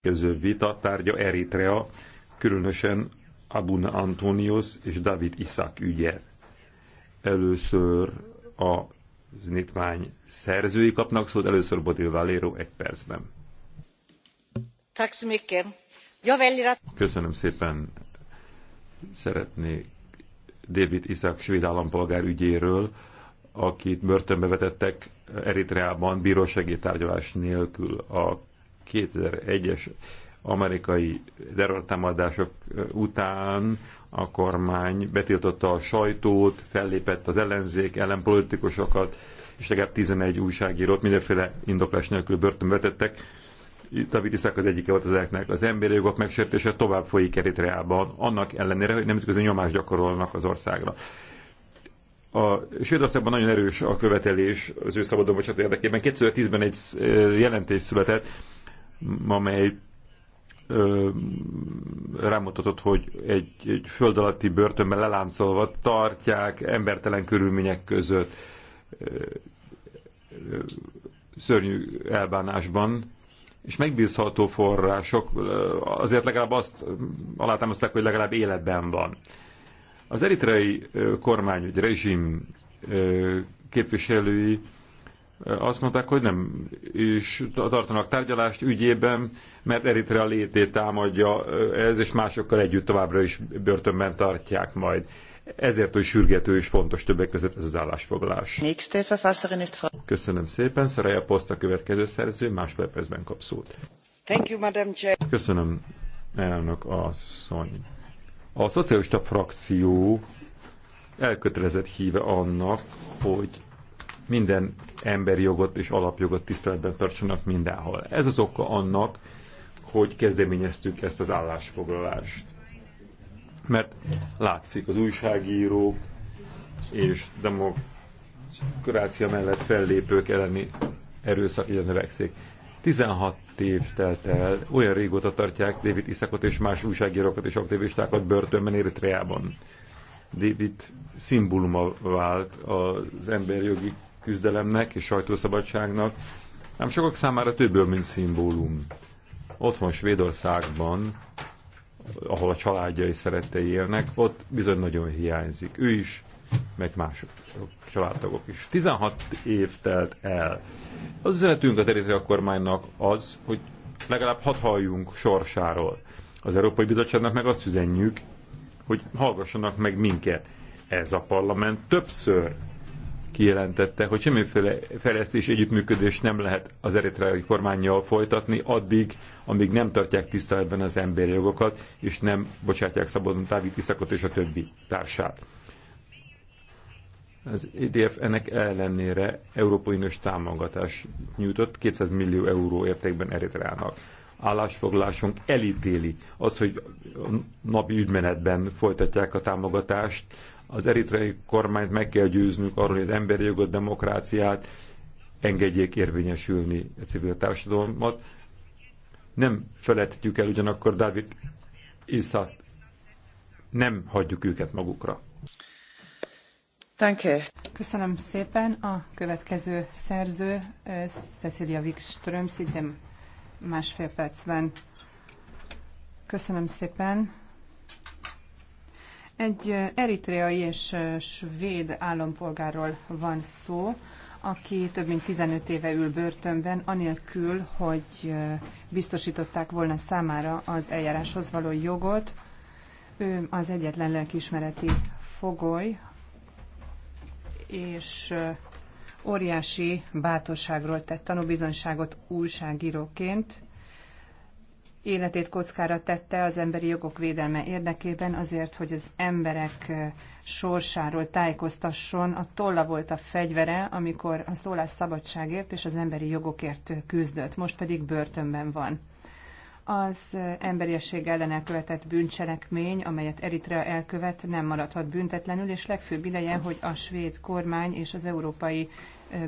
következő vita tárgya Eritrea, különösen Abun Antonios és David Iszák ügye. Először a nyitvány szerzői kapnak szót, először Bodil Valero egy percben. Köszönöm szépen. Szeretnék David Iszák svéd állampolgár ügyéről, akit börtönbe vetettek Eritreában bírósági tárgyalás nélkül a 2001-es amerikai terrortámadások után a kormány betiltotta a sajtót, fellépett az ellenzék, ellenpolitikusokat, és legalább 11 újságírót mindenféle indoklás nélkül börtönbe vetettek. a Vitiszák az egyike volt ezeknek. Az emberi jogok megsértése tovább folyik Eritreában, annak ellenére, hogy nemzetközi nyomást gyakorolnak az országra. A Svédországban nagyon erős a követelés az ő szabadon érdekében. 2010-ben egy eh, jelentés született, amely ö, rámutatott, hogy egy, egy föld alatti börtönben leláncolva tartják embertelen körülmények között ö, ö, szörnyű elbánásban, és megbízható források azért legalább azt alátámasztják, hogy legalább életben van. Az eritrei kormány, vagy rezsim képviselői azt mondták, hogy nem is tartanak tárgyalást ügyében, mert Eritrea létét támadja ez, és másokkal együtt továbbra is börtönben tartják majd. Ezért, hogy sürgető és fontos többek között ez az állásfoglalás. Köszönöm szépen, Szaraja Poszt a következő szerző, másfél percben kap szót. Köszönöm, elnök asszony. A szocialista frakció elkötelezett híve annak, hogy minden emberi jogot és alapjogot tiszteletben tartsanak mindenhol. Ez az oka annak, hogy kezdeményeztük ezt az állásfoglalást. Mert látszik, az újságírók és demokrácia mellett fellépők elleni erőszak ide növekszik. 16 év telt el, olyan régóta tartják David Iszakot és más újságírókat és aktivistákat börtönben Eritreában. David szimbóluma vált az emberjogi küzdelemnek és sajtószabadságnak, nem sokak számára többől, mint szimbólum. Otthon Svédországban, ahol a családjai szerettei élnek, ott bizony nagyon hiányzik. Ő is, meg mások családtagok is. 16 év telt el. Az üzenetünk a a kormánynak az, hogy legalább hat halljunk sorsáról. Az Európai Bizottságnak meg azt üzenjük, hogy hallgassanak meg minket. Ez a parlament többször kijelentette, hogy semmiféle fejlesztés együttműködés nem lehet az eritreai kormányjal folytatni addig, amíg nem tartják tiszteletben az emberi jogokat, és nem bocsátják szabadon távi tiszakot és a többi társát. Az EDF ennek ellenére Európai Uniós támogatást nyújtott 200 millió euró értékben Eritreának. Állásfoglalásunk elítéli azt, hogy napi ügymenetben folytatják a támogatást az eritreai kormányt meg kell győznünk arról, hogy az emberi jogot, demokráciát engedjék érvényesülni a civil társadalmat. Nem felejtjük el ugyanakkor Dávid Iszát. Nem hagyjuk őket magukra. Thank you. Köszönöm szépen. A következő szerző Cecilia Wikström, szintén másfél percben. Köszönöm szépen. Egy eritreai és svéd állampolgárról van szó, aki több mint 15 éve ül börtönben, anélkül, hogy biztosították volna számára az eljáráshoz való jogot. Ő az egyetlen lelkismereti fogoly, és óriási bátorságról tett tanúbizonyságot újságíróként, életét kockára tette az emberi jogok védelme érdekében azért, hogy az emberek sorsáról tájékoztasson. A tolla volt a fegyvere, amikor a szólás szabadságért és az emberi jogokért küzdött, most pedig börtönben van az emberiesség ellen elkövetett bűncselekmény, amelyet Eritrea elkövet, nem maradhat büntetlenül, és legfőbb ideje, hogy a svéd kormány és az Európai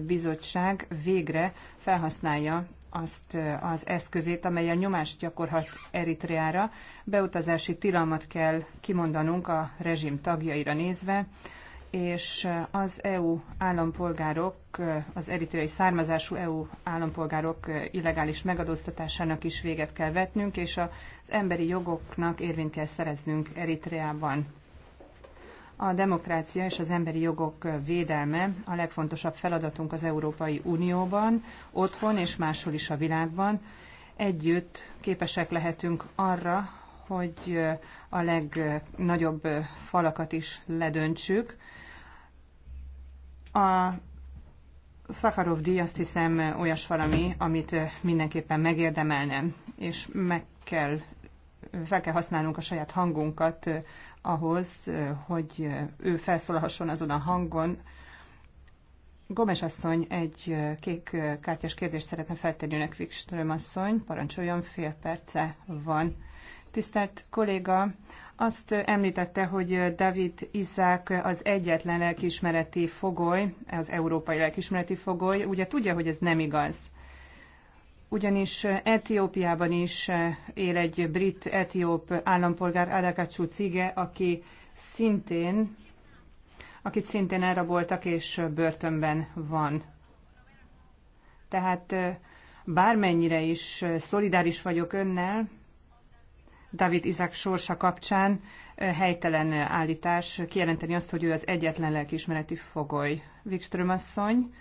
Bizottság végre felhasználja azt az eszközét, amelyen nyomást gyakorhat Eritreára. Beutazási tilalmat kell kimondanunk a rezsim tagjaira nézve, és az EU állampolgárok, az eritreai származású EU állampolgárok illegális megadóztatásának is véget kell vetnünk, és az emberi jogoknak érvényt kell szereznünk Eritreában. A demokrácia és az emberi jogok védelme a legfontosabb feladatunk az Európai Unióban, otthon és máshol is a világban. Együtt képesek lehetünk arra, hogy a legnagyobb falakat is ledöntsük, a Szakarov díj azt hiszem olyas valami, amit mindenképpen megérdemelne, és meg kell, fel kell használnunk a saját hangunkat ahhoz, hogy ő felszólalhasson azon a hangon. Gomes asszony egy kék kártyás kérdést szeretne feltenni önök, Wikström asszony. Parancsoljon, fél perce van. Tisztelt kolléga, azt említette, hogy David Izák az egyetlen lelkiismereti fogoly, az európai lelkiismereti fogoly. Ugye tudja, hogy ez nem igaz. Ugyanis Etiópiában is él egy brit-etióp állampolgár, Adakacsú Cige, aki szintén, akit szintén elraboltak és börtönben van. Tehát bármennyire is szolidáris vagyok önnel, David Izák sorsa kapcsán helytelen állítás kijelenteni azt, hogy ő az egyetlen lelkiismereti fogoly. Wikström asszony,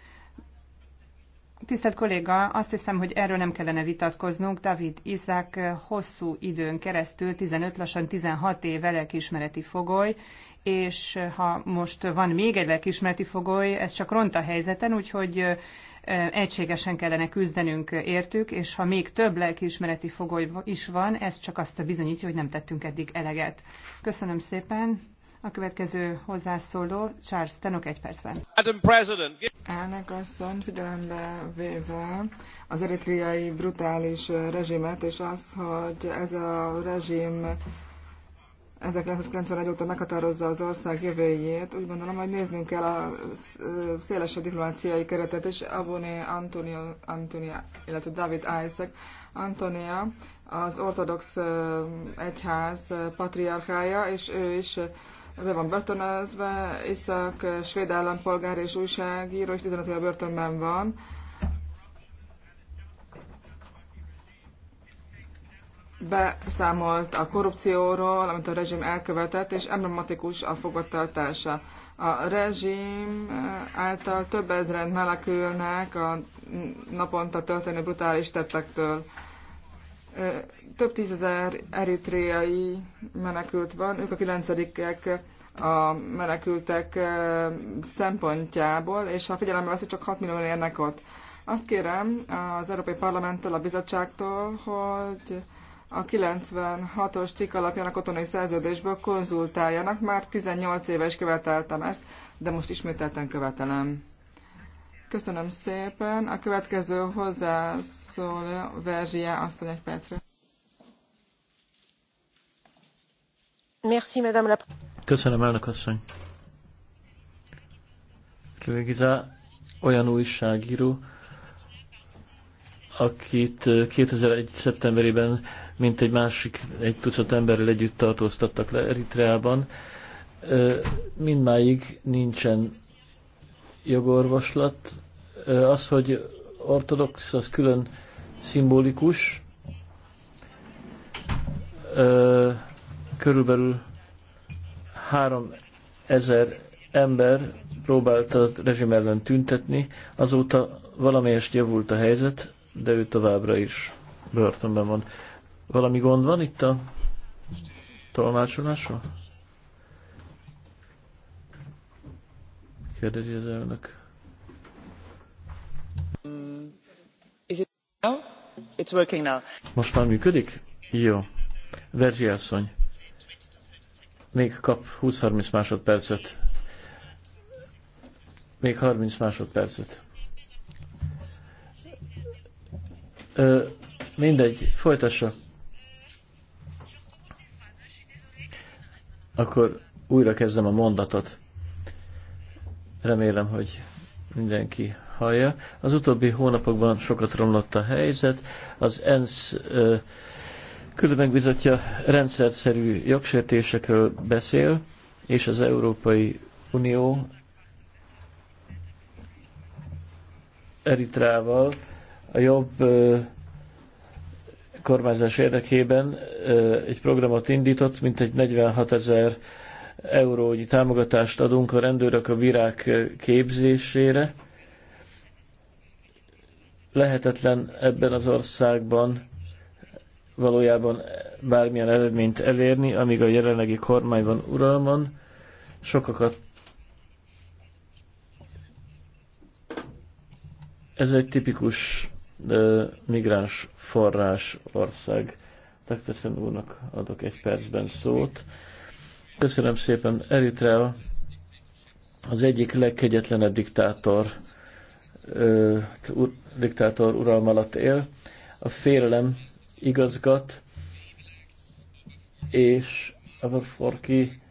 Tisztelt kolléga, azt hiszem, hogy erről nem kellene vitatkoznunk. David Izák hosszú időn keresztül, 15, lassan 16 éve lelkiismereti fogoly, és ha most van még egy lelkiismereti fogoly, ez csak ront a helyzeten, úgyhogy egységesen kellene küzdenünk értük, és ha még több lelkiismereti fogoly is van, ez csak azt bizonyítja, hogy nem tettünk eddig eleget. Köszönöm szépen. A következő hozzászóló Charles Tenok egy percben. Elnök asszony figyelembe véve az eritriai brutális rezsimet, és az, hogy ez a rezsim 1991 óta meghatározza az ország jövőjét. Úgy gondolom, hogy néznünk kell a a diplomáciai keretet, és Aboné Antonio, Antonia, illetve David Isaac. Antonia az ortodox egyház patriarchája, és ő is be van börtönözve, Iszak svéd állampolgár és újságíró, és 15 éve börtönben van beszámolt a korrupcióról, amit a rezsim elkövetett, és emblematikus a fogadtartása. A rezsim eh, által több ezeren melekülnek a naponta történő brutális tettektől. Eh, több tízezer eritréai menekült van, ők a kilencedikek a menekültek eh, szempontjából, és ha figyelembe veszik, csak 6 millióan érnek ott. Azt kérem az Európai Parlamenttől, a bizottságtól, hogy a 96-os cikk alapján a katonai szerződésből konzultáljanak. Már 18 éve is követeltem ezt, de most ismételten követelem. Köszönöm szépen. A következő hozzászól Verzsia asszony egy percre. Merci, madame la... Köszönöm, elnök asszony. Kivégizá, olyan újságíró, akit 2001. Eh, szeptemberében mint egy másik, egy tucat emberrel együtt tartóztattak le Eritreában. Eh, mindmáig nincsen jogorvoslat. Eh, az, hogy ortodox, az külön szimbolikus. Körülbelül három ezer ember próbálta a rezsim ellen tüntetni, azóta valamelyest javult a helyzet, de ő továbbra is börtönben van. Valami gond van itt a tolmácsolásra? Kérdezi az elnök. Is it now? It's working now. Most már működik? Jó. Verzsi asszony. Még kap 20-30 másodpercet. Még 30 másodpercet. Ö, mindegy, folytassa. Akkor újra kezdem a mondatot. Remélem, hogy mindenki hallja. Az utóbbi hónapokban sokat romlott a helyzet. Az ENSZ ö, különmegbizotja rendszerszerű jogsértésekről beszél, és az Európai Unió Eritrával a jobb kormányzás érdekében egy programot indított, mint egy 46 ezer eurónyi támogatást adunk a rendőrök a virág képzésére. Lehetetlen ebben az országban valójában bármilyen eredményt elérni, amíg a jelenlegi kormányban uralman sokakat ez egy tipikus migráns forrás ország. Tekteszen úrnak adok egy percben szót. Köszönöm szépen. Eritrea az egyik legkegyetlenebb diktátor, diktátor uralm alatt él. A félelem igazgat, és a Forki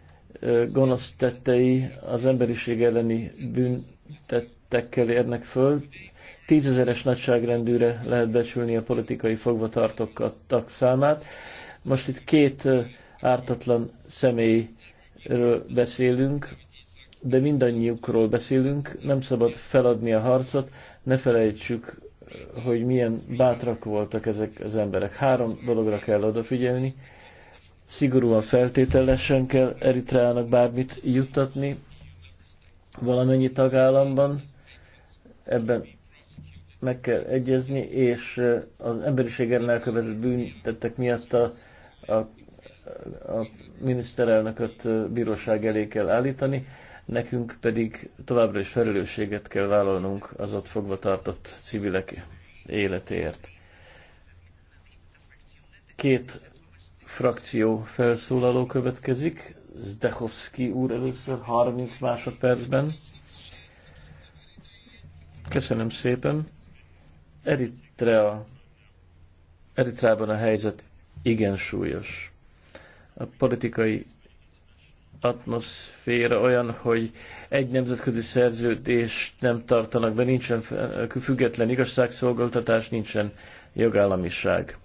gonosz tettei az emberiség elleni bűntettekkel érnek föl, tízezeres nagyságrendűre lehet becsülni a politikai fogvatartók számát. Most itt két ártatlan személyről beszélünk, de mindannyiukról beszélünk, nem szabad feladni a harcot, ne felejtsük, hogy milyen bátrak voltak ezek az emberek. Három dologra kell odafigyelni. Szigorúan feltételesen kell Eritreának bármit juttatni valamennyi tagállamban. Ebben meg kell egyezni, és eh, az emberiség ellen elkövetett bűntettek miatt a, a, a miniszterelnököt eh, bíróság elé kell állítani, nekünk pedig továbbra is felelősséget kell vállalnunk az ott fogva tartott civilek életéért. Két frakció felszólaló következik. Zdechovski úr először 30 másodpercben. Köszönöm szépen. Eritrea, Eritreában a helyzet igen súlyos. A politikai atmoszféra olyan, hogy egy nemzetközi szerződést nem tartanak be, nincsen független igazságszolgáltatás, nincsen jogállamiság.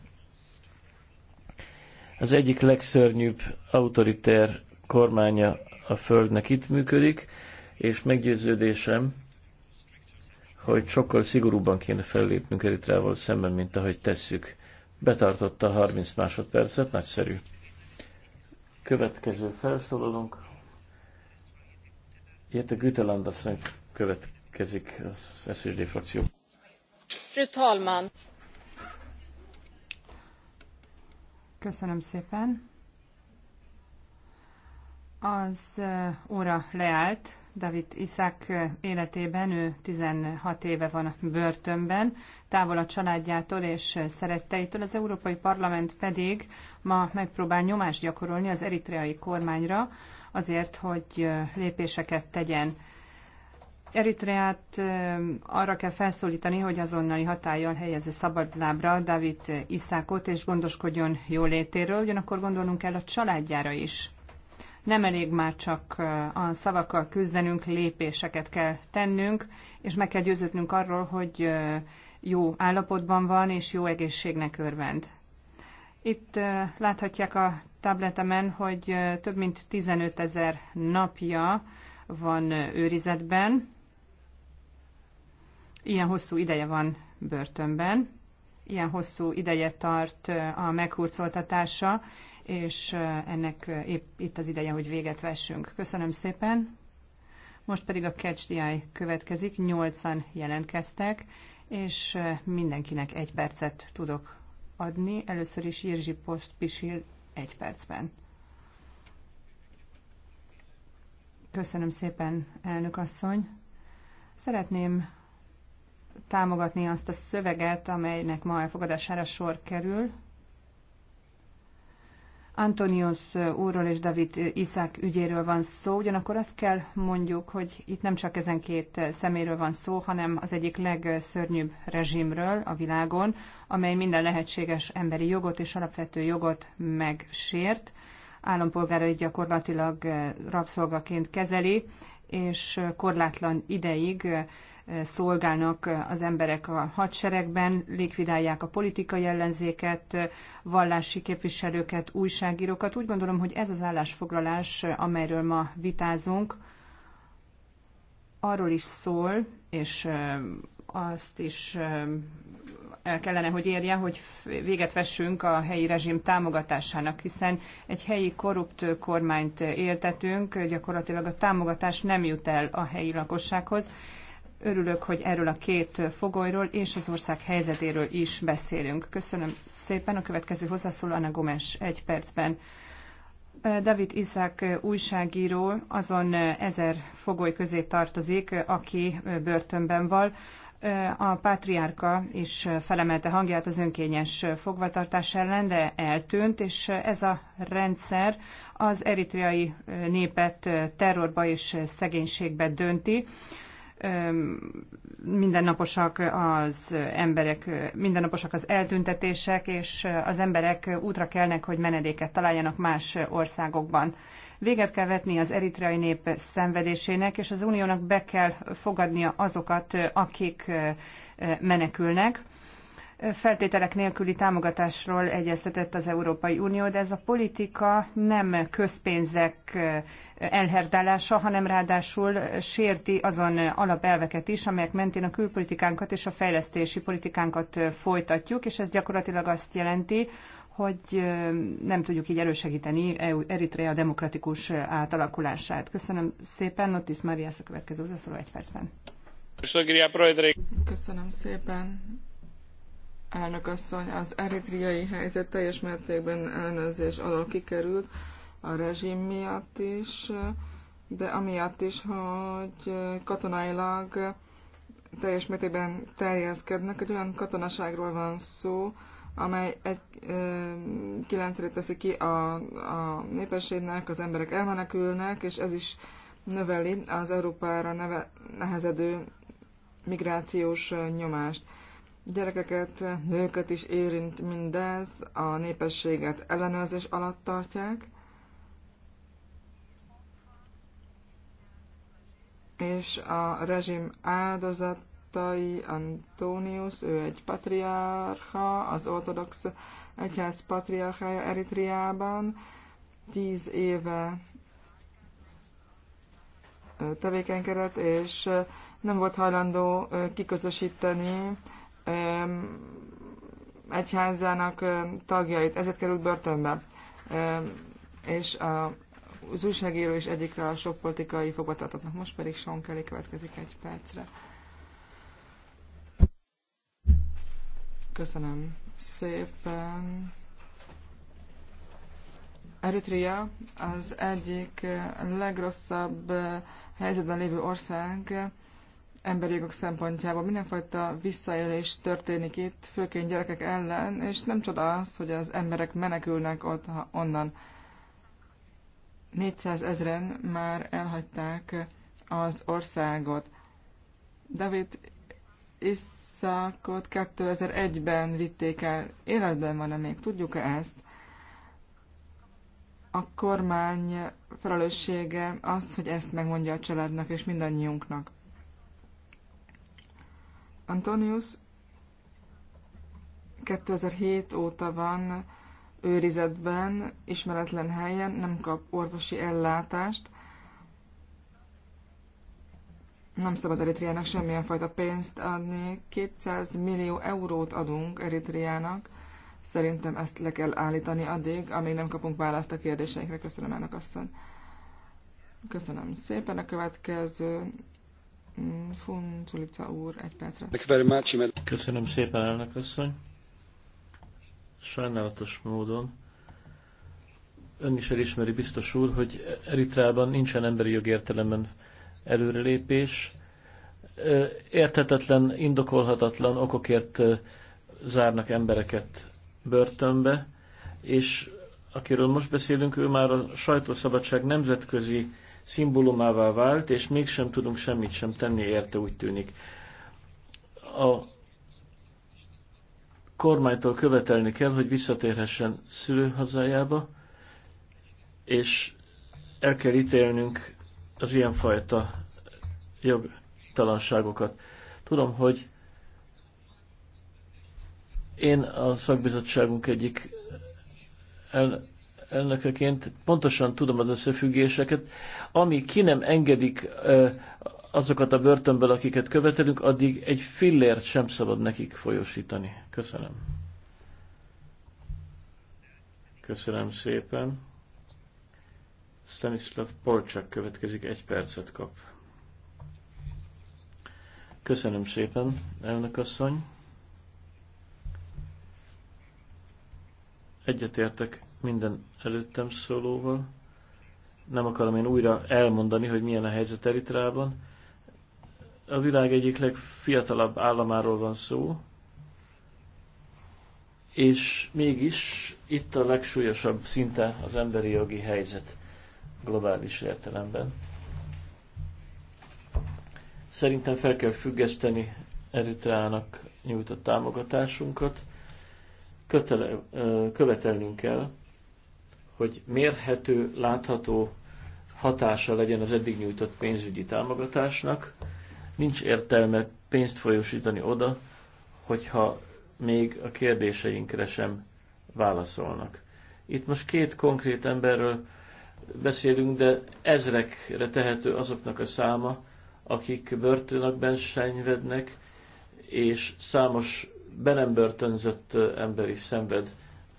Az egyik legszörnyűbb autoritár kormánya a Földnek itt működik, és meggyőződésem, hogy sokkal szigorúbban kéne fellépnünk Eritrával szemben, mint ahogy tesszük. Betartotta a 30 másodpercet, nagyszerű. Következő felszólalunk. Jette Güteland asszony következik az SZSD frakció. Fru talman! Köszönöm szépen. Az óra leállt, David Iszák életében, ő 16 éve van börtönben, távol a családjától és szeretteitől. Az Európai Parlament pedig ma megpróbál nyomást gyakorolni az eritreai kormányra, azért, hogy lépéseket tegyen. Eritreát arra kell felszólítani, hogy azonnali hatállyal helyezze szabadlábra David Iszákot, és gondoskodjon jólétéről, ugyanakkor gondolnunk kell a családjára is nem elég már csak a szavakkal küzdenünk, lépéseket kell tennünk, és meg kell győződnünk arról, hogy jó állapotban van és jó egészségnek örvend. Itt láthatják a tabletemen, hogy több mint 15 ezer napja van őrizetben. Ilyen hosszú ideje van börtönben, ilyen hosszú ideje tart a meghurcoltatása, és ennek épp itt az ideje, hogy véget vessünk. Köszönöm szépen. Most pedig a Catch the Eye következik, nyolcan jelentkeztek, és mindenkinek egy percet tudok adni. Először is Jirzsi Post Pisil egy percben. Köszönöm szépen, elnök asszony. Szeretném támogatni azt a szöveget, amelynek ma elfogadására sor kerül, Antonius úrról és David Iszák ügyéről van szó, ugyanakkor azt kell mondjuk, hogy itt nem csak ezen két szeméről van szó, hanem az egyik legszörnyűbb rezsimről a világon, amely minden lehetséges emberi jogot és alapvető jogot megsért. Állampolgárait gyakorlatilag rabszolgaként kezeli, és korlátlan ideig szolgálnak az emberek a hadseregben, likvidálják a politikai ellenzéket, vallási képviselőket, újságírókat. Úgy gondolom, hogy ez az állásfoglalás, amelyről ma vitázunk, arról is szól, és azt is el kellene, hogy érje, hogy véget vessünk a helyi rezsim támogatásának, hiszen egy helyi korrupt kormányt éltetünk, gyakorlatilag a támogatás nem jut el a helyi lakossághoz. Örülök, hogy erről a két fogolyról és az ország helyzetéről is beszélünk. Köszönöm szépen. A következő hozzászóló Anna Gomes egy percben. David Iszák újságíró azon ezer fogoly közé tartozik, aki börtönben van a pátriárka is felemelte hangját az önkényes fogvatartás ellen, de eltűnt, és ez a rendszer az eritreai népet terrorba és szegénységbe dönti. Mindennaposak az emberek, mindennaposak az eltüntetések, és az emberek útra kelnek, hogy menedéket találjanak más országokban. Véget kell vetni az eritreai nép szenvedésének, és az uniónak be kell fogadnia azokat, akik menekülnek feltételek nélküli támogatásról egyeztetett az Európai Unió, de ez a politika nem közpénzek elherdálása, hanem ráadásul sérti azon alapelveket is, amelyek mentén a külpolitikánkat és a fejlesztési politikánkat folytatjuk, és ez gyakorlatilag azt jelenti, hogy nem tudjuk így elősegíteni e Eritrea demokratikus átalakulását. Köszönöm szépen, Notis Maria, a következő hozzászóló egy percben. Köszönöm szépen. Elnök asszony, az eritriai helyzet teljes mértékben ellenőrzés alól kikerült, a rezsim miatt is, de amiatt is, hogy katonailag teljes mértékben terjeszkednek. Egy olyan katonaságról van szó, amely egy kilencrét teszi ki a, a népességnek, az emberek elmenekülnek, és ez is növeli az Európára neve, nehezedő migrációs nyomást. Gyerekeket, nőket is érint mindez, a népességet ellenőrzés alatt tartják, és a rezsim áldozat tai Antonius, ő egy patriárha, az ortodox egyház patriárhája Eritriában, tíz éve tevékenykedett, és nem volt hajlandó kiközösíteni egyházának tagjait, ezért került börtönbe. És a, az újságíró is egyik a sok politikai fogvatartottnak. Most pedig Sean Kelly következik egy percre. Köszönöm szépen. Eritrea az egyik legrosszabb helyzetben lévő ország emberi jogok szempontjából. Mindenfajta visszaélés történik itt, főként gyerekek ellen, és nem csoda az, hogy az emberek menekülnek ott, onnan. 400 ezeren már elhagyták az országot. David Iszákot 2001-ben vitték el. Életben van-e még? Tudjuk-e ezt? A kormány felelőssége az, hogy ezt megmondja a családnak és mindannyiunknak. Antonius 2007 óta van őrizetben, ismeretlen helyen, nem kap orvosi ellátást, nem szabad Eritriának semmilyen fajta pénzt adni. 200 millió eurót adunk Eritriának. Szerintem ezt le kell állítani addig, amíg nem kapunk választ a kérdéseinkre. Köszönöm, elnök asszony. Köszönöm szépen. A következő mm, Funculica úr, egy percre. Köszönöm szépen, elnök asszony. Sajnálatos módon ön is elismeri, biztos úr, hogy Eritrában nincsen emberi jogértelemben előrelépés. Érthetetlen, indokolhatatlan okokért zárnak embereket börtönbe, és akiről most beszélünk, ő már a sajtószabadság nemzetközi szimbólumává vált, és mégsem tudunk semmit sem tenni érte, úgy tűnik. A kormánytól követelni kell, hogy visszatérhessen szülőhazájába, és el kell ítélnünk az ilyenfajta jogtalanságokat. Tudom, hogy én a szakbizottságunk egyik el, elnökeként pontosan tudom az összefüggéseket. Ami ki nem engedik azokat a börtönből, akiket követelünk, addig egy fillért sem szabad nekik folyosítani. Köszönöm. Köszönöm szépen. Stanislav Polcsak következik, egy percet kap. Köszönöm szépen, elnök asszony. Egyetértek minden előttem szólóval. Nem akarom én újra elmondani, hogy milyen a helyzet Eritrában. A világ egyik legfiatalabb államáról van szó, és mégis itt a legsúlyosabb szinte az emberi jogi helyzet globális értelemben. Szerintem fel kell függeszteni Eritreának nyújtott támogatásunkat. Kötele, követelnünk kell, hogy mérhető, látható hatása legyen az eddig nyújtott pénzügyi támogatásnak. Nincs értelme pénzt folyósítani oda, hogyha még a kérdéseinkre sem válaszolnak. Itt most két konkrét emberről beszélünk, de ezrekre tehető azoknak a száma, akik börtönökben senyvednek, és számos be nem börtönzött ember is szenved,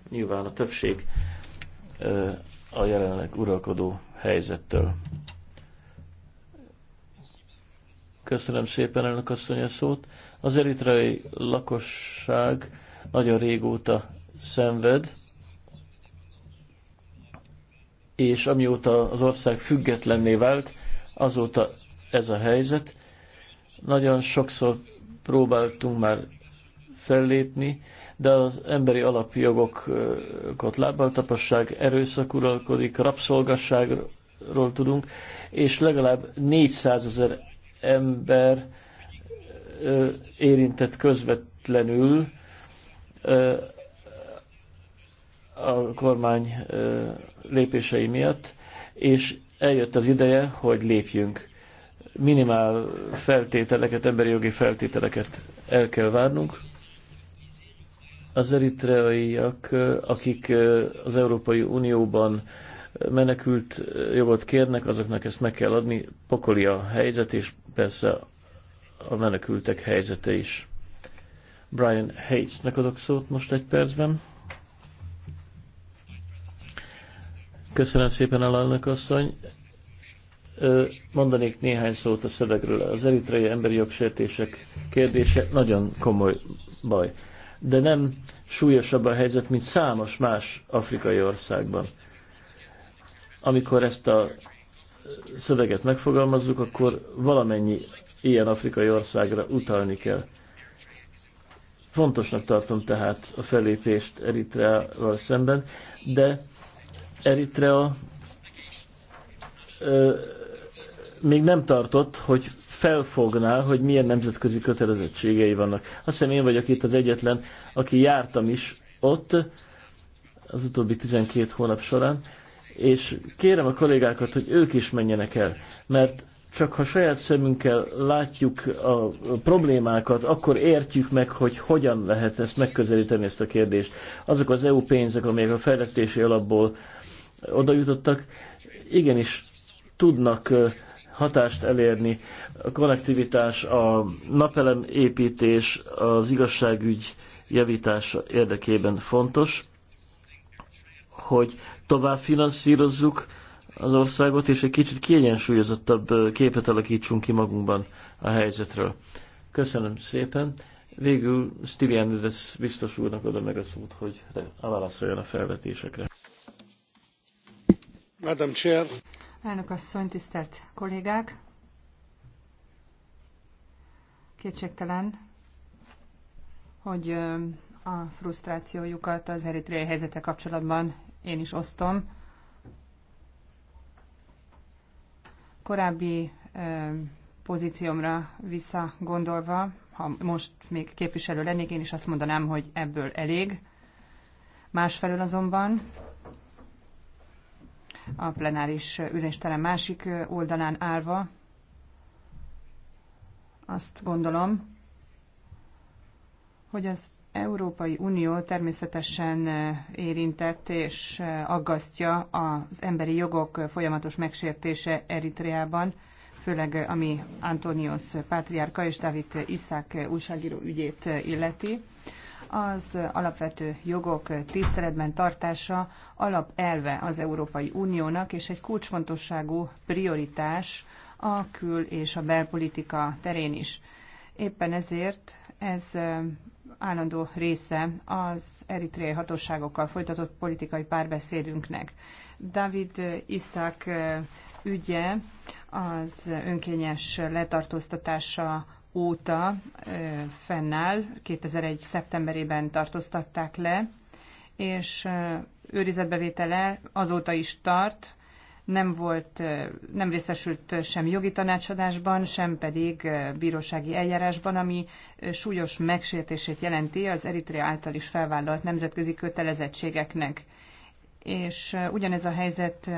nyilván a többség a jelenleg uralkodó helyzettől. Köszönöm szépen, elnök asszony a szót. Az eritrai lakosság nagyon régóta szenved, és amióta az ország függetlenné vált, azóta ez a helyzet. Nagyon sokszor próbáltunk már fellépni, de az emberi alapjogokat lábbal tapasság, erőszak uralkodik, rabszolgasságról tudunk, és legalább 400 ezer ember érintett közvetlenül a kormány lépései miatt, és eljött az ideje, hogy lépjünk. Minimál feltételeket, emberi jogi feltételeket el kell várnunk. Az eritreaiak, akik az Európai Unióban menekült jogot kérnek, azoknak ezt meg kell adni. Pokoli a helyzet, és persze a menekültek helyzete is. Brian Hayes-nek adok szót most egy percben. Köszönöm szépen, alelnök asszony. Mondanék néhány szót a szövegről. Az eritrei emberi jogsértések kérdése nagyon komoly baj. De nem súlyosabb a helyzet, mint számos más afrikai országban. Amikor ezt a szöveget megfogalmazzuk, akkor valamennyi ilyen afrikai országra utalni kell. Fontosnak tartom tehát a felépést Eritreával szemben, de Eritrea ö, még nem tartott, hogy felfogná, hogy milyen nemzetközi kötelezettségei vannak. Azt hiszem én vagyok itt az egyetlen, aki jártam is ott az utóbbi 12 hónap során, és kérem a kollégákat, hogy ők is menjenek el, mert csak ha saját szemünkkel látjuk a problémákat, akkor értjük meg, hogy hogyan lehet ezt megközelíteni, ezt a kérdést. Azok az EU pénzek, amelyek a fejlesztési alapból oda jutottak, igenis tudnak hatást elérni. A konnektivitás, a napelem építés, az igazságügy javítása érdekében fontos, hogy tovább finanszírozzuk az országot, és egy kicsit kiegyensúlyozottabb képet alakítsunk ki magunkban a helyzetről. Köszönöm szépen. Végül Stylianides biztos úrnak adom meg a szót, hogy válaszoljon a felvetésekre. Madam Chair. Elnök asszony, tisztelt kollégák! Kétségtelen, hogy a frusztrációjukat az eritreai helyzete kapcsolatban én is osztom. Korábbi pozíciómra visszagondolva, ha most még képviselő lennék, én is azt mondanám, hogy ebből elég. Másfelől azonban a plenáris ülésterem másik oldalán állva azt gondolom, hogy az Európai Unió természetesen eh, érintett és eh, aggasztja az emberi jogok folyamatos megsértése Eritreában, főleg eh, ami Antonios Pátriárka és David Iszák újságíró ügyét illeti. Az alapvető jogok tiszteletben tartása alapelve az Európai Uniónak, és egy kulcsfontosságú prioritás a kül- és a belpolitika terén is. Éppen ezért ez állandó része az eritreai hatóságokkal folytatott politikai párbeszédünknek. David Iszak ügye az önkényes letartóztatása óta fennáll. 2001. szeptemberében tartóztatták le, és őrizetbevétele azóta is tart, nem volt, nem részesült sem jogi tanácsadásban, sem pedig bírósági eljárásban, ami súlyos megsértését jelenti az Eritrea által is felvállalt nemzetközi kötelezettségeknek. És ugyanez a helyzet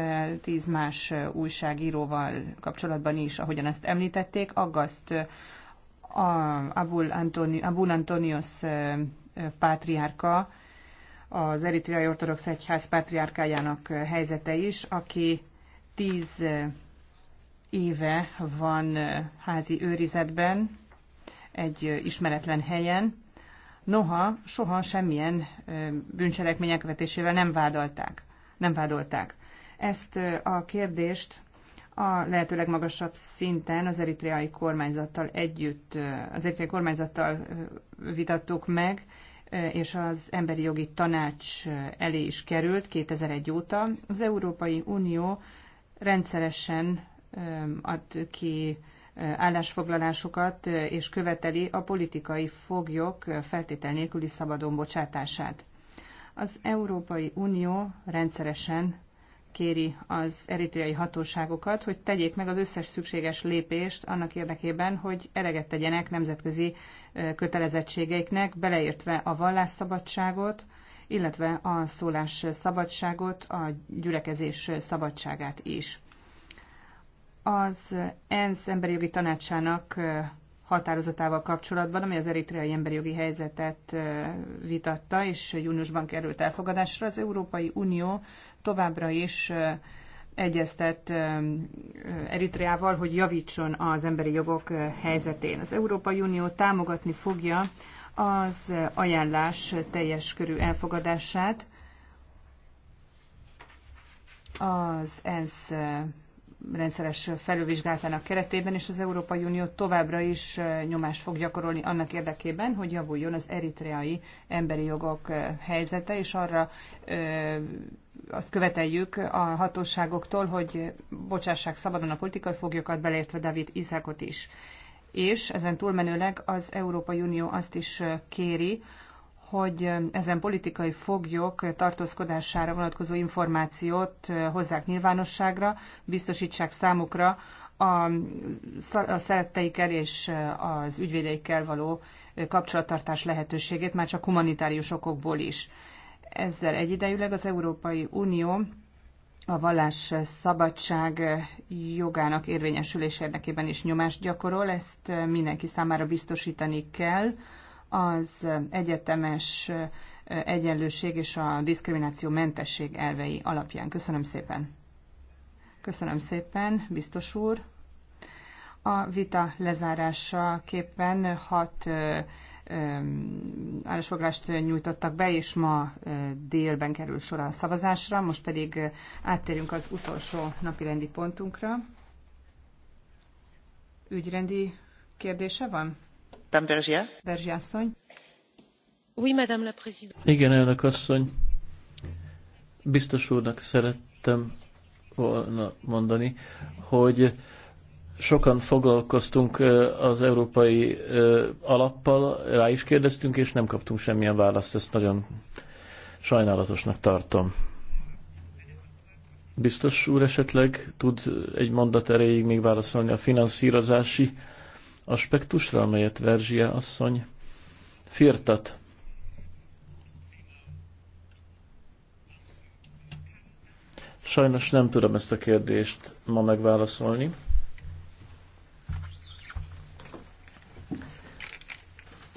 tíz más újságíróval kapcsolatban is, ahogyan ezt említették, aggaszt a Abul, Antoni, Abul Antonios pátriárka, az Eritreai Ortodox Egyház pátriárkájának helyzete is, aki tíz éve van házi őrizetben, egy ismeretlen helyen. Noha soha semmilyen bűncselekmények vetésével nem vádolták. Nem vádolták. Ezt a kérdést a lehető legmagasabb szinten az eritreai kormányzattal együtt, az eritreai kormányzattal vitattuk meg, és az Emberi Jogi Tanács elé is került 2001 óta. Az Európai Unió rendszeresen ad ki állásfoglalásokat, és követeli a politikai foglyok feltétel nélküli szabadon bocsátását. Az Európai Unió rendszeresen kéri az eritreai hatóságokat, hogy tegyék meg az összes szükséges lépést annak érdekében, hogy eleget tegyenek nemzetközi kötelezettségeiknek, beleértve a vallásszabadságot, illetve a szólás szabadságot, a gyülekezés szabadságát is. Az ENSZ emberi jogi tanácsának határozatával kapcsolatban, ami az eritreai emberi jogi helyzetet vitatta, és júniusban került elfogadásra, az Európai Unió továbbra is egyeztet Eritreával, hogy javítson az emberi jogok helyzetén. Az Európai Unió támogatni fogja az ajánlás teljes körű elfogadását az ENSZ rendszeres felülvizsgálatának keretében, és az Európai Unió továbbra is nyomást fog gyakorolni annak érdekében, hogy javuljon az eritreai emberi jogok helyzete, és arra azt követeljük a hatóságoktól, hogy bocsássák szabadon a politikai foglyokat, beleértve David Izákot is és ezen túlmenőleg az Európai Unió azt is kéri, hogy ezen politikai foglyok tartózkodására vonatkozó információt hozzák nyilvánosságra, biztosítsák számukra a szeretteikkel és az ügyvédeikkel való kapcsolattartás lehetőségét, már csak humanitárius okokból is. Ezzel egyidejűleg az Európai Unió a vallás szabadság jogának érvényesülés érdekében is nyomást gyakorol, ezt mindenki számára biztosítani kell. Az egyetemes egyenlőség és a diszkrimináció mentesség elvei alapján. Köszönöm szépen. Köszönöm szépen, biztos úr. A vita lezárása képpen hat állásfoglalást nyújtottak be, és ma eh, délben kerül sor a szavazásra. Most pedig eh, áttérünk az utolsó napirendi pontunkra. Ügyrendi kérdése van? Nem, Berzsia. Berzsia asszony. Oui, Madame la Présidente. Igen, elnök asszony. Biztos úrnak szerettem volna mondani, hogy sokan foglalkoztunk az európai alappal, rá is kérdeztünk, és nem kaptunk semmilyen választ, ezt nagyon sajnálatosnak tartom. Biztos úr esetleg tud egy mondat erejéig még válaszolni a finanszírozási aspektusra, amelyet Verzsia asszony firtat. Sajnos nem tudom ezt a kérdést ma megválaszolni.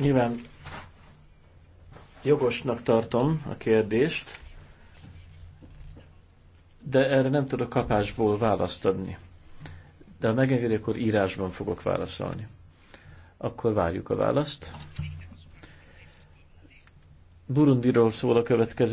Nyilván jogosnak tartom a kérdést, de erre nem tudok kapásból választ adni. De ha megengedi, akkor írásban fogok válaszolni. Akkor várjuk a választ. Burundiról szól a következő.